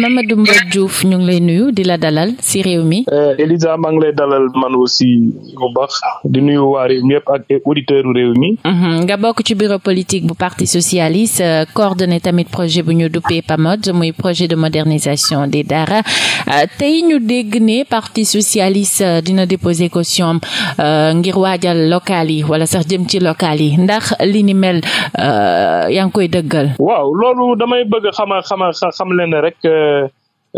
Mamadou Mbodj Diouf ñu ngi lay nuyu di la dalal si réew mi. Eh, Elisa maa ngi lay dalal man aussi bu baax di nuyu waa réew mi yëpp ak auditeurs réew mi. Mhm, nga bokk ci bureau politique bu parti socialiste euh, coordonné tamit projet bu ñu duppee PAMOD muy projet de modernisation des dara euh, tey ñu dégg ne parti socialiste euh, dina déposer caution ngir waajal local yi wala sax jëm ci local yi ndax li ni mel yaa ngi koy dëggal. waaw loolu damay bëgg xama xama xam leen rek. Euh,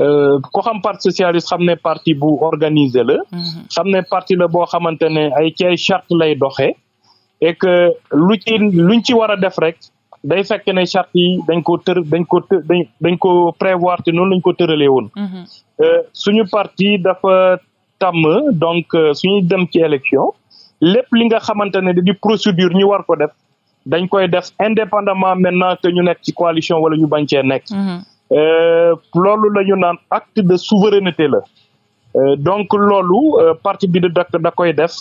euh, ku xam parti socialiste xam ne parti bu organisé la. Mhm. xam ne parti la boo xamante ne ay ci ay charte lay doxee. et que lu ci luñ ci war a def rek day fekk ne charte yi dañ ko tër dañ ko të dañ ko prévoir te noonu lañ ko tëralee woon. Mhm. Euh, suñu parti dafa tàmm donc suñu dem ci élection lépp li nga xamante ne di procédure ñu war ko def dañ koy def indépendamment maintenant que ñu nekk ci coalition wala ñu bañ cee nekk. Mhm. Euh, loolu la naan acte de souveraineté la euh, donc loolu euh, parti bi de da da koy def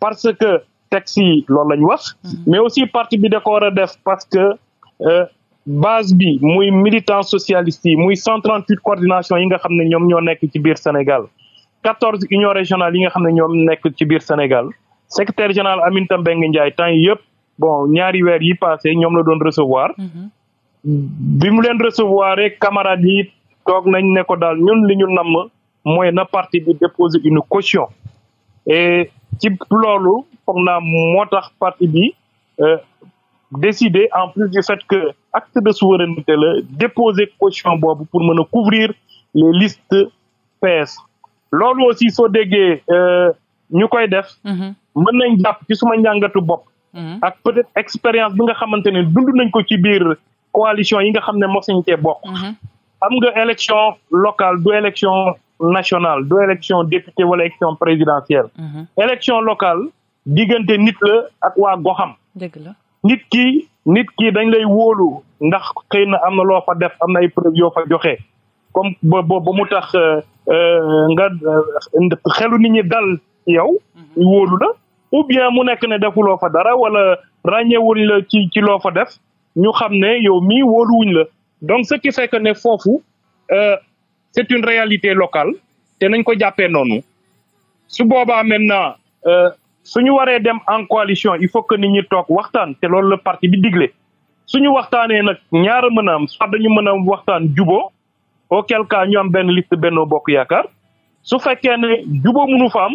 parce que texte yi loolu la ñu wax. Mm-hmm. mais aussi parti bi da ko war a def parce que base bi muy militants socialistes yi muy 138 coordination yi nga xam ne ñoom ñoo nekk ci biir Sénégal 14 unions régionales yi nga xam ne ñoom nekk ci biir Sénégal secrétaire général Aminata Mbengue Ndiaye temps yëpp bon ñaari weer yi passé ñoom la doon recevoir. Mm-hmm. bi mu leen recevoir rek camarades yi toog nañ ne ko daal ñun li ñu namm mooy na parti bi déposer une caution et ci loolu foog naa moo tax parti bi euh, décider en plus du fait que acte de souveraineté la déposer caution boobu pour mën a couvrir les listes PS loolu aussi soo déggee euh, ñu koy def mm-hmm. mën nañ jàpp ci suma njàngatu bopp mm-hmm. ak peut-être expérience bi nga xamante ne dund nañ ko ci biir coalition yi nga xam ne mosuñ cee bokk. Mhm. am nga élection locale du élection nationale du élection député wala élection présidentielle. Mhm. élection locale diggante nit la ak waa goxam. dëgg la nit ki nit ki dañ lay wóolu ndax xëy na am na loo fa def am na ay yoo fa joxe comme ba ba mu tax euh, euh, nga euh, xelu nit ñi dal yow. Mhm. wóolu la ou bien mu nekk ne defuloo fa dara wala ràññewuñ la ci ci loo fa def. ñu xam ne yow mii wóoluwuñ la donc ce qui fekk ne foofu euh, c'est une réalité locale te nañ ko jàppee noonu su boobaa maintenant euh, ñu waree dem en coalition il faut que nit ñi toog waxtaan te loolu la partie bi digle ñu waxtaanee nag ñaara mën a am soit dañu mën a am waxtaan jubo auquel quelqua ñu am benn liste benn Bokk Yaakaar su fekkee ne juboo mënu fa am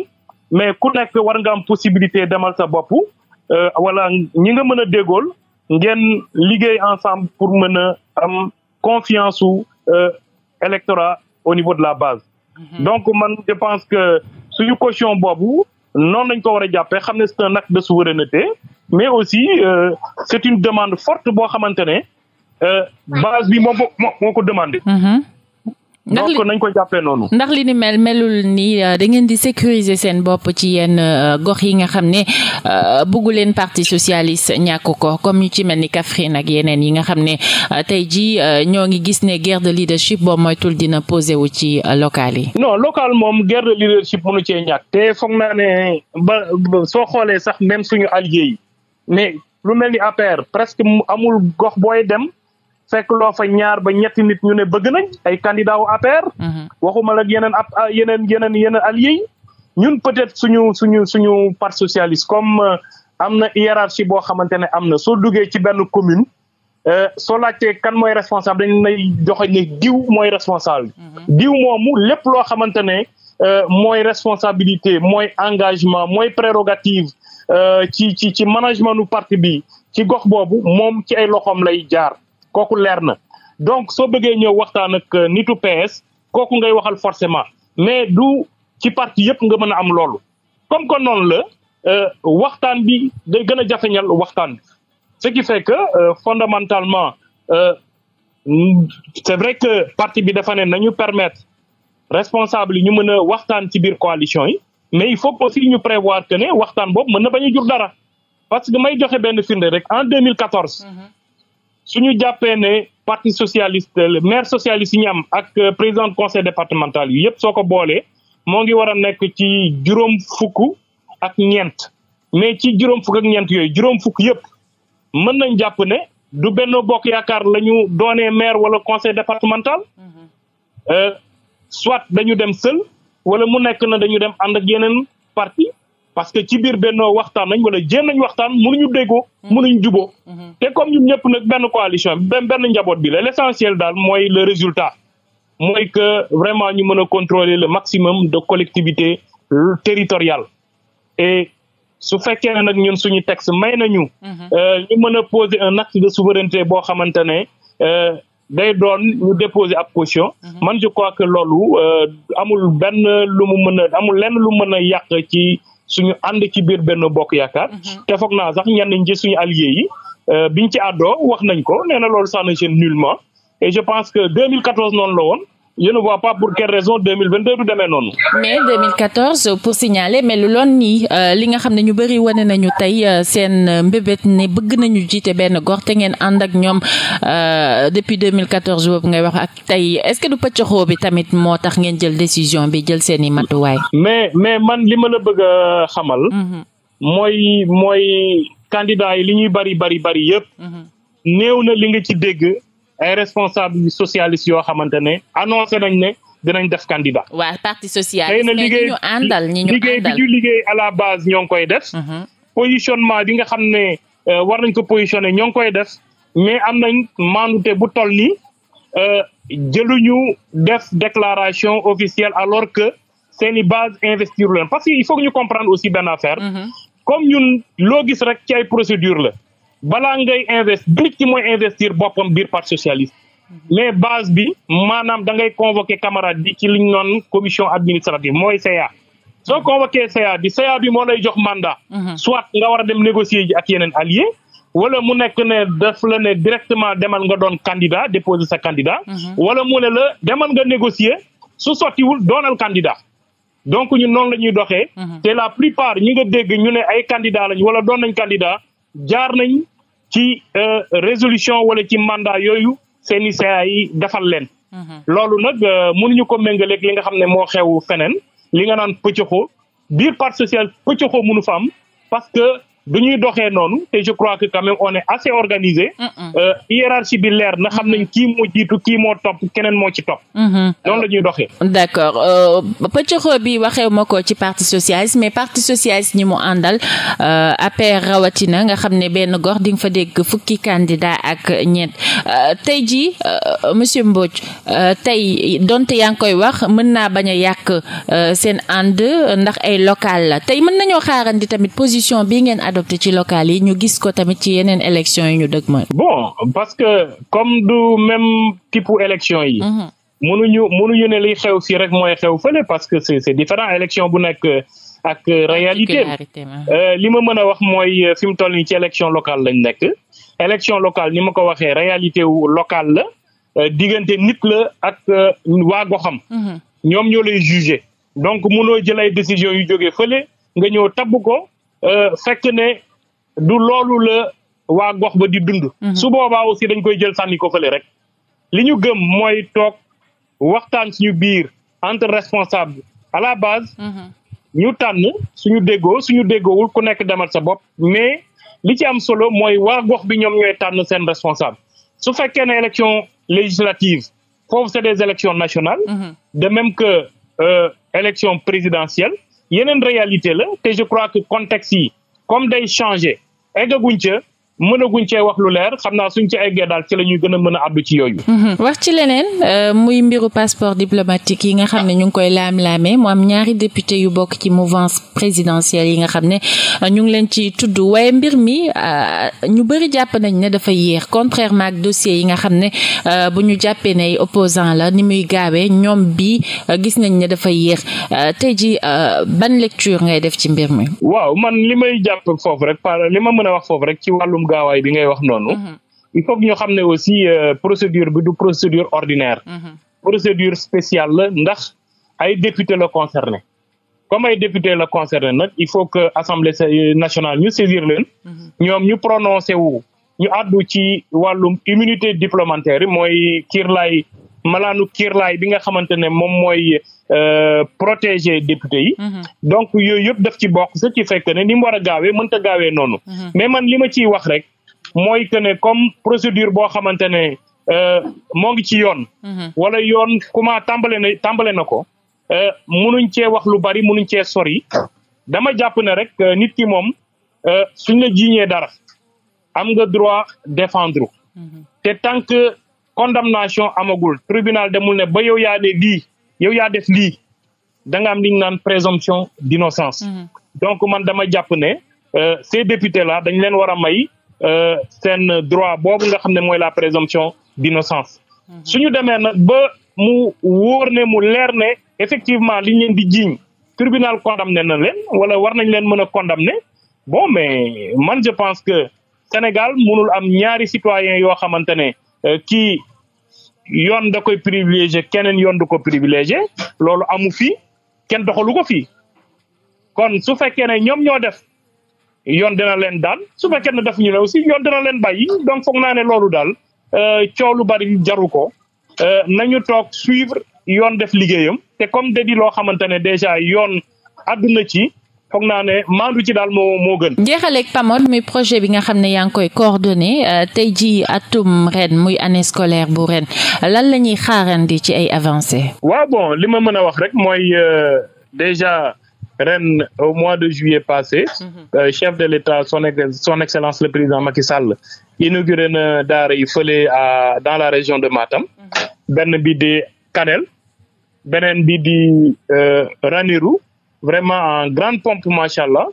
mais ku nekk war nga am possibilité demal sa bopp euh, wala ñi nga mën a déggool ngeen liggéey ensemble pour mën a am confiance su euh, électorat au niveau de la base. Mhm. donc man je pense que suñu caution boobu noonu lañ ko war a jàppee xam ne c'est nag de souveraineté mais aussi euh, c'est une demande forte boo xamante ne euh, base bi moo ko moo ko demandé. Mhm. ndax li donc nañ ko jàppee noonu. ndax li ni mel melul ni euh, da ngeen di sécuriser seen bopp ci yenn euh, gox yi nga xam ne euh, bëggu leen parti socialiste ñàkk ko comme ñu ci mel ni Kaffrine ak yeneen yi nga xam ne tey jii ñoo ngi gis ne guerre de leadership boobu moytul dina posé wu ci local yi. non local moom guerre de leadership mënu cee ñàkk. te foog naa ne ba soo xoolee sax même suñu alliés yi mais lu mel ni APR presque amul gox booy dem. fekk loo fa ñaar ba ñetti nit ñu ne bëgg nañ ay candidat wu APR mhm. waxuma la yeneen ab ah, yeneen yeneen yeneen alliés yi ñun peut suñu suñu suñu parti socialiste comme euh, am na hiérarchie boo xamante ne am na soo duggee ci benn commune euh, soo laajtee kan mooy responsable dañ lay joxe ne diw mooy responsable mhm. diw moomu lépp loo xamante ne euh, mooy responsabilité mooy engagement mooy prérogative ci ci ci management nu parti bi ci gox boobu moom ci ay loxoom lay jaar kooku leer na donc soo bëggee ñëw waxtaan ak euh, nitu PS kooku ngay waxal forcément mais du ci parti yëpp nga mën a am loolu comme que noonu la euh, waxtaan bi day gën a jafeñal waxtaan bi ce qui fait que euh, fondamentalement euh, c'est vrai que parti bi dafa ne na nañu permettre responsable yi ñu mën a waxtaan ci biir coalition yi mais il faut aussi ñu prévoir que ne waxtaan boobu mën na bañ ñu jur dara parce que may joxe benn firnde rek en 2014. su suñu jàppee ne parti socialiste maire socialiste yi ñu am ak euh, président conseil départemental yi yëpp soo ko boolee moo ngi war a nekk ci juróom fukk ak ñeent mais ci juróom fukk ak ñeent yooyu juróom fukk yëpp mën nañ jàpp ne du benn Bokk Yaakaar la ñu doonee maire wala conseil départemental mm-hmm. euh, soit dañu dem seul wala mu nekk na dañu dem ànd ak yeneen parti parce que ci biir bennoo waxtaan nañ wala jéem nañ waxtaan mënuñu déggoo mm-hmm. mënuñu juboo mm-hmm. te comme ñun ñëpp nag benn coalition benn benn njaboot bi la l'essentiel daal mooy le résultat mooy que vraiment ñu mën a contrôler le maximum de collectivités territoriales et su fekkee ne nag ñun suñu texte may na mm-hmm. euh, ñu mën a poser un acte de souveraineté boo xamante ne euh, day doon ñu déposer ab caution man je crois que loolu euh, amul benn lu mu mën amul lenn lu mën yàq ci suñu ànd ci biir benn bokk yaakaar. Mhm. te foog na sax ñenn ñi suñu alliés yi euh, biñ ci àddoo wax nañ ko nee na loolu sax na seen nullement. et je pense que 2014 noonu la woon je ne vois pas pour quelle raison 2022 du demee noonu. mais 2014 pour signaler mais lu loon nii euh, li nga xam ne ñu bëri wane nañu tey euh, seen euh, mbébét ni bëgg nañu jiite benn gox te ngeen ànd ak ñoom depuis 2014 boobu ngay wax ak tey est-ce du pëccëxoo bi tamit moo tax ngeen jël décision bi jël seen i matuwaay. mais mais man li ma la bëgg a xamal. Mhm. mooy mooy candidat yi li ñuy bari bari bari yëpp. Mhm. néew na li nga ci dégg. ay responsable yi socialiste yoo xamante ne annoncé nañ ne dinañ def candidat. waaw parti socialiste. xëy na liggéey liggéey bi ñu liggéey à la base ñoo ngi koy def. Mhm. positionnement bi nga xam ne euh, war nañ ko positionné ñoo ngi koy def mais am nañ mandute bu toll nii euh, jëluñu def déclaration officielle alors que seeni base investir leen parce que il faut ñu comprendre aussi benn affaire. Mhm. comme ñun loo gis rek ci procédure la. balaa ngay investir nit ki mooy investir boppam biir parti socialiste mais base bi maanaam da ngay convoqué camarade bi ci liñ noon commission administrative mooy CA soo convoqué CA bi CA bi moo lay jox mandat mhm. soit nga war a dem négocier ji ak yeneen allié wala mu nekk ne daf la ne directement demal nga doon candidat déposer sa candidat mhm. wala mu ne la demal nga négocier su sottiwul doonal candidat donc ñu noonu la ñuy doxee mhm. te la plupart ñi ñu ne ay candidat lañ wala doon nañ candidat jaar nañ ci euh, résolution wala ci mandat yooyu seen i yi defal leen. Mhm. loolu nag euh, mënuñu ko méngaleeg li nga xam ne moo xew feneen li nga naan pëccoxoo biir parti social pëccoxoo mënu fa am parce du ñuy doxee noonu te je crois que quand même on est assez organisé. Euh, bi leer na xam nañ kii moo jiitu kii moo topp keneen moo ci topp. Mm-hmm. noonu la ñuy doxee. d'accord euh, pëccëxoo bi waxee ma ko ci parti socialiste mais parti socialiste ñi mu àndal euh, APR rawatina nga xam ne benn gox di nga fa dégg fukki candidat ak ñeent tey jii monsieur Mbodj tey donte yaa ngi koy wax mën naa bañ a yàq seen ànd ndax ay local la tey mën nañoo xaarandi tamit position bi ngeen adopté ci local yi ñu gis ko tamit ci yeneen élection yi ñu dëgmal. bon parce que comme du même type élection yi. Mhm. mënuñu mënuñu ne liy xew si rek mooy xew fële parce que c'est c'est différent élection bu nekk ak réalité euh, li ma mën a wax mooy euh, fi mu toll nii ci élection locale lañ nekk. élection locale ni ma ko waxee réalité wu locale la euh, diggante nit la ak waa goxam. Mhm. ñoom ñoo lay jugé donc mënoo jël ay décision yu jógee fële nga ñëw tabb ko Euh, fekk ne du loolu la waa gox ba di dund. Mhm. su boobaa aussi dañ koy jël sànni ko fële rek. li ñu gëm mooy toog waxtaan suñu biir entre responsable à la base. Mhm. ñu tànn suñu déggoo suñu déggoowul ku nekk demal sa bopp mais li ci am solo mooy waa gox bi ñoom ñooy tànn seen responsable su fekkee ne élection législative foofu c'est des élections nationales. Mhm. de même que euh, élection présidentielle. yeneen réalité la te je crois que contexte yi comme day changé eggaguñ ca mënaguñ cee wax lu leer xam naa suñ ci eggee daal ci la ñuy gën a mën àddu ci yooyu. Mhm. wax ci leneen euh, muy mbiru passeport diplomatique yi nga xam ne ñu ngi koy laam-laamee mu am ñaari député yu bokk ci mouvance présidentielle yi nga xam ne euh, ñu ngi leen ci tudd waaye mbir mi euh, ñu bëri jàpp nañ ne dafa yéex contrairement ak dossier yi nga xam ne bu ñu jàppee ne opposant la ni muy gaawee ñoom bi gis nañ ne dafa yéex tey ji ban lecture ngay def ci mbir mi. waaw man li may jàpp foofu rek par li ma mën wax foofu rek ci wàllum gaawaay bi ngay wax noonu. Mhm. il faut que ñu xam aussi euh, procédure bi du procédure ordinaire. Mhm. procédure spéciale la ndax ay député la concerné comme ay député la concerné nag il faut que assemblée euh, nationale ñu saisir leen. Mhm. ñoom ñu prononcé wu ñu àddu ci wàllum immunité diplomatique mooy kiir malaanu kiirlaay bi nga xamante ne moom mooy euh, protéger député yi. Mhm. donc yooyu yëpp daf ci bokk ce qui fait ne ni mu war gaawee mënta gaawee noonu. Mhm. mais man li ma ciy wax rek mooy que ne comme procédure boo xamante ne euh, moo ngi ci yoon. Mhm. wala yoon comment tàmbale na tàmbale na ko. Euh, munuñ cee wax lu bari munuñ cee sori dama jàpp ne rek nit ki moom suñ la jiiñee dara am nga droit défendre te tant condamnation amagul tribunal demul ba yow yaa ne lii yow yaa def lii da nga am li ñu naan présomption d'innocence mhm. donc man dama jàpp ne euh, ces députés la dañ leen war a may euh, seen droit boobu nga xam ne mooy la présomption d'innocence mhm. suñu demee na ba mu wóor ne mu leer ne effectivement liñ leen di jiiñ tribunal condamné na leen wala war nañ leen mën a condamné bon mais man je pense que Sénégal mënul am ñaari citoyen yoo xamante Euh, kii yoon da koy privilégié keneen yoon du ko privilégié loolu amu fi kenn doxalu ko fi kon su fekkee ne ñoom ñoo def yoon dina leen daal su fekkee ne def ñu ne aussi yoon dina leen bàyyi donc foog naa ne loolu daal euh, coow lu bari jaru ko euh, nañu toog suivre yoon def liggéeyam te comme da di loo xamante ne déjà yoon adduna ci foog naa ne maandu ci daal moo moo gën. jeexaleeg PAMOD muy projet bi nga xam ne yaa ngi koy coordonné euh, tey jii atum ren muy année scolaire bu ren lan la ñuy xaarandi ci ay avancées. waaw bon li ma mën a wax rek mooy euh, déjà. ren au mois de juillet passé mm -hmm. chef de l'État son ex son excellence le président Macky Sall inauguré na daara yi fële dans la région de Matam mhm. benn bi di Kanel beneen bi di euh, vraiment en grande pompe macha allah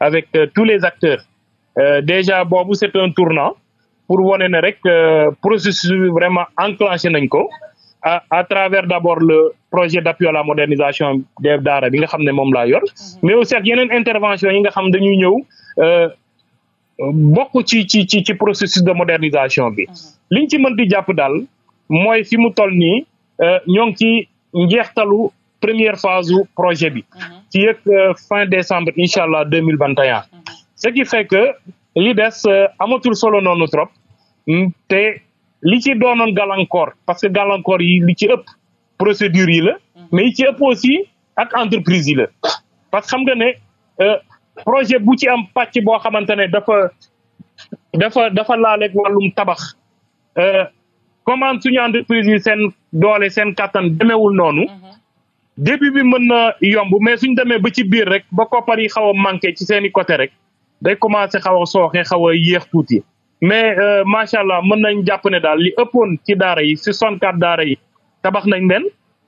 avec euh, tous les acteurs euh, déjà boobu c'est un tournant pour wane ne rek euh, processus bi vraiment enclenché nañ ko à à travers d'abord le projet d'appui à la modernisation des daara bi nga xam ne moom laa yor mais au ak yeneen intervention yi nga xam dañuy ñëw bokk ci ci ci ci processus de modernisation bi liñ ci mën di jàpp daal mooy fi mu toll nii ñoo ngi ci njeextalu première phase projet bi mhm. ci yëg euh, fin décembre incha allah deux mille vingt et un mhm. ce qui fait que li des euh, amatul solo noonu trop mm, te li ci doonoon gàllankoor parce que gàllankoor yi li ci ëpp procédure yi la mhm. mais yi ci ëpp aussi ak entreprise yi la parce que xam nga ne euh, projet bu ci am pàcc boo xamante ne dafa dafa dafa laaleeg wàllum tabax comment suñu entreprise yi seen doole seen kàttan demeewul noonu début bi mën na yomb mais suñ demee ba ci biir rek ba koppar yi xaw a manqué ci seen i côté rek day commencé xaw a sooxe xaw a yéex tuuti mais euh, macha allah mën nañ jàpp ne daal li ëppoon ci daara yi si 64 daara yi tabax nañ leen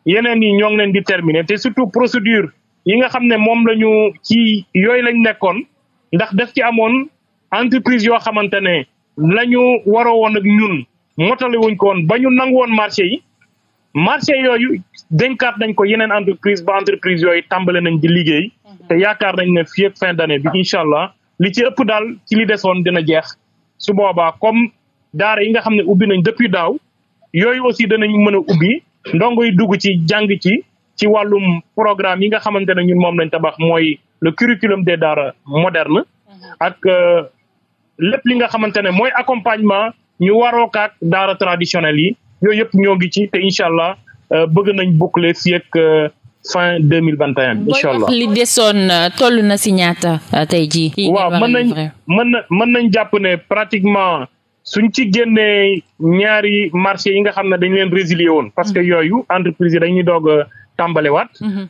yeneen yi ñoo ngi leen di terminer te surtout procédure yi nga xam ne moom la ñu ci yooyu lañ nekkoon ndax def ci amoon entreprise yoo xamante ne la ñu waroo woon ak ñun motale wuñ ko woon ba ñu nangu woon marché yi. marché yooyu dénkaat nañ ko yeneen entreprise ba entreprise yooyu tàmbale nañ di liggéey mhm. te yaakaar nañ na fii ak fin d'année bi ah. incha allah li ci ëpp daal ci li desoon dina jeex su boobaa comme daara yi nga xam ne ubbi nañ depuis daaw yooyu aussi danañ mën a ubbi ndongo yi dugg ci jàng ci ci wàllum programme yi nga xamante ne ñun moom lañ tabax mooy le curriculum de daara moderne mhm. ak euh, lépp li nga xamante ne mooy accompagnement ñu warookaak daara traditionnel yi yooyu yëpp ñoo ngi ci te incha allah euh, bëgg nañ boucler fii ak euh, fin deux mille vingt et un incha allah li desoon euh, toll na si ñaata tey jii. waaw mën nañ mën na mën nañ jàpp ne pratiquement suñ ci génnee ñaari marché yi nga xam ne dañ leen résilier woon. parce que mm-hmm. yooyu entreprise yi dañuy doog a tàmbalewaat. Mm-hmm.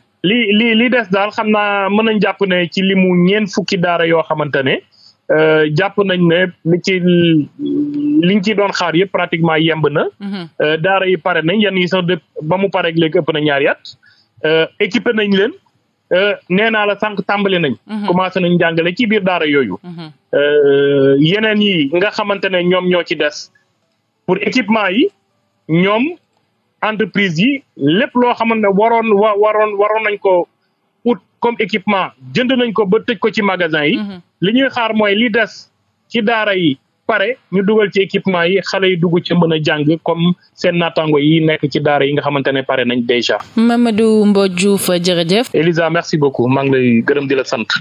li des daal xam naa mën nañ jàpp ne ci limu ñeent fukki daara yoo xamante ne jàpp nañ ne li ci liñ ci doon xaar yëpp pratiquement yemb na. Mhm. Euh, daara yi pare nañ yan yi sax de ba mu pareeg léegi ëpp na ñaari at. Euh, équipé nañ leen euh, nee la sànq tàmbali nañ. Mhm. commencé nañ jàngale ci biir daara yooyu. Mhm. yeneen yi nga xamante ne ñoom ñoo ci des pour équipement yi ñoom entreprise yi lépp loo xamante ne waroon wa waroon nañ ko ut comme équipement jënd nañ ko ba tëj ko ci magasin yi. li ñuy xaar mooy li des ci daara yi. pare ñu dugal ci équipement yi xale yi dugg ci mën a jàng comme seen naataango yi nekk ci daara yi nga xamante ne pare nañ déjà. Mamadou Mbodj Diouf jërëjëf. Elisa merci beaucoup maa ngi lay gërëm di la sant.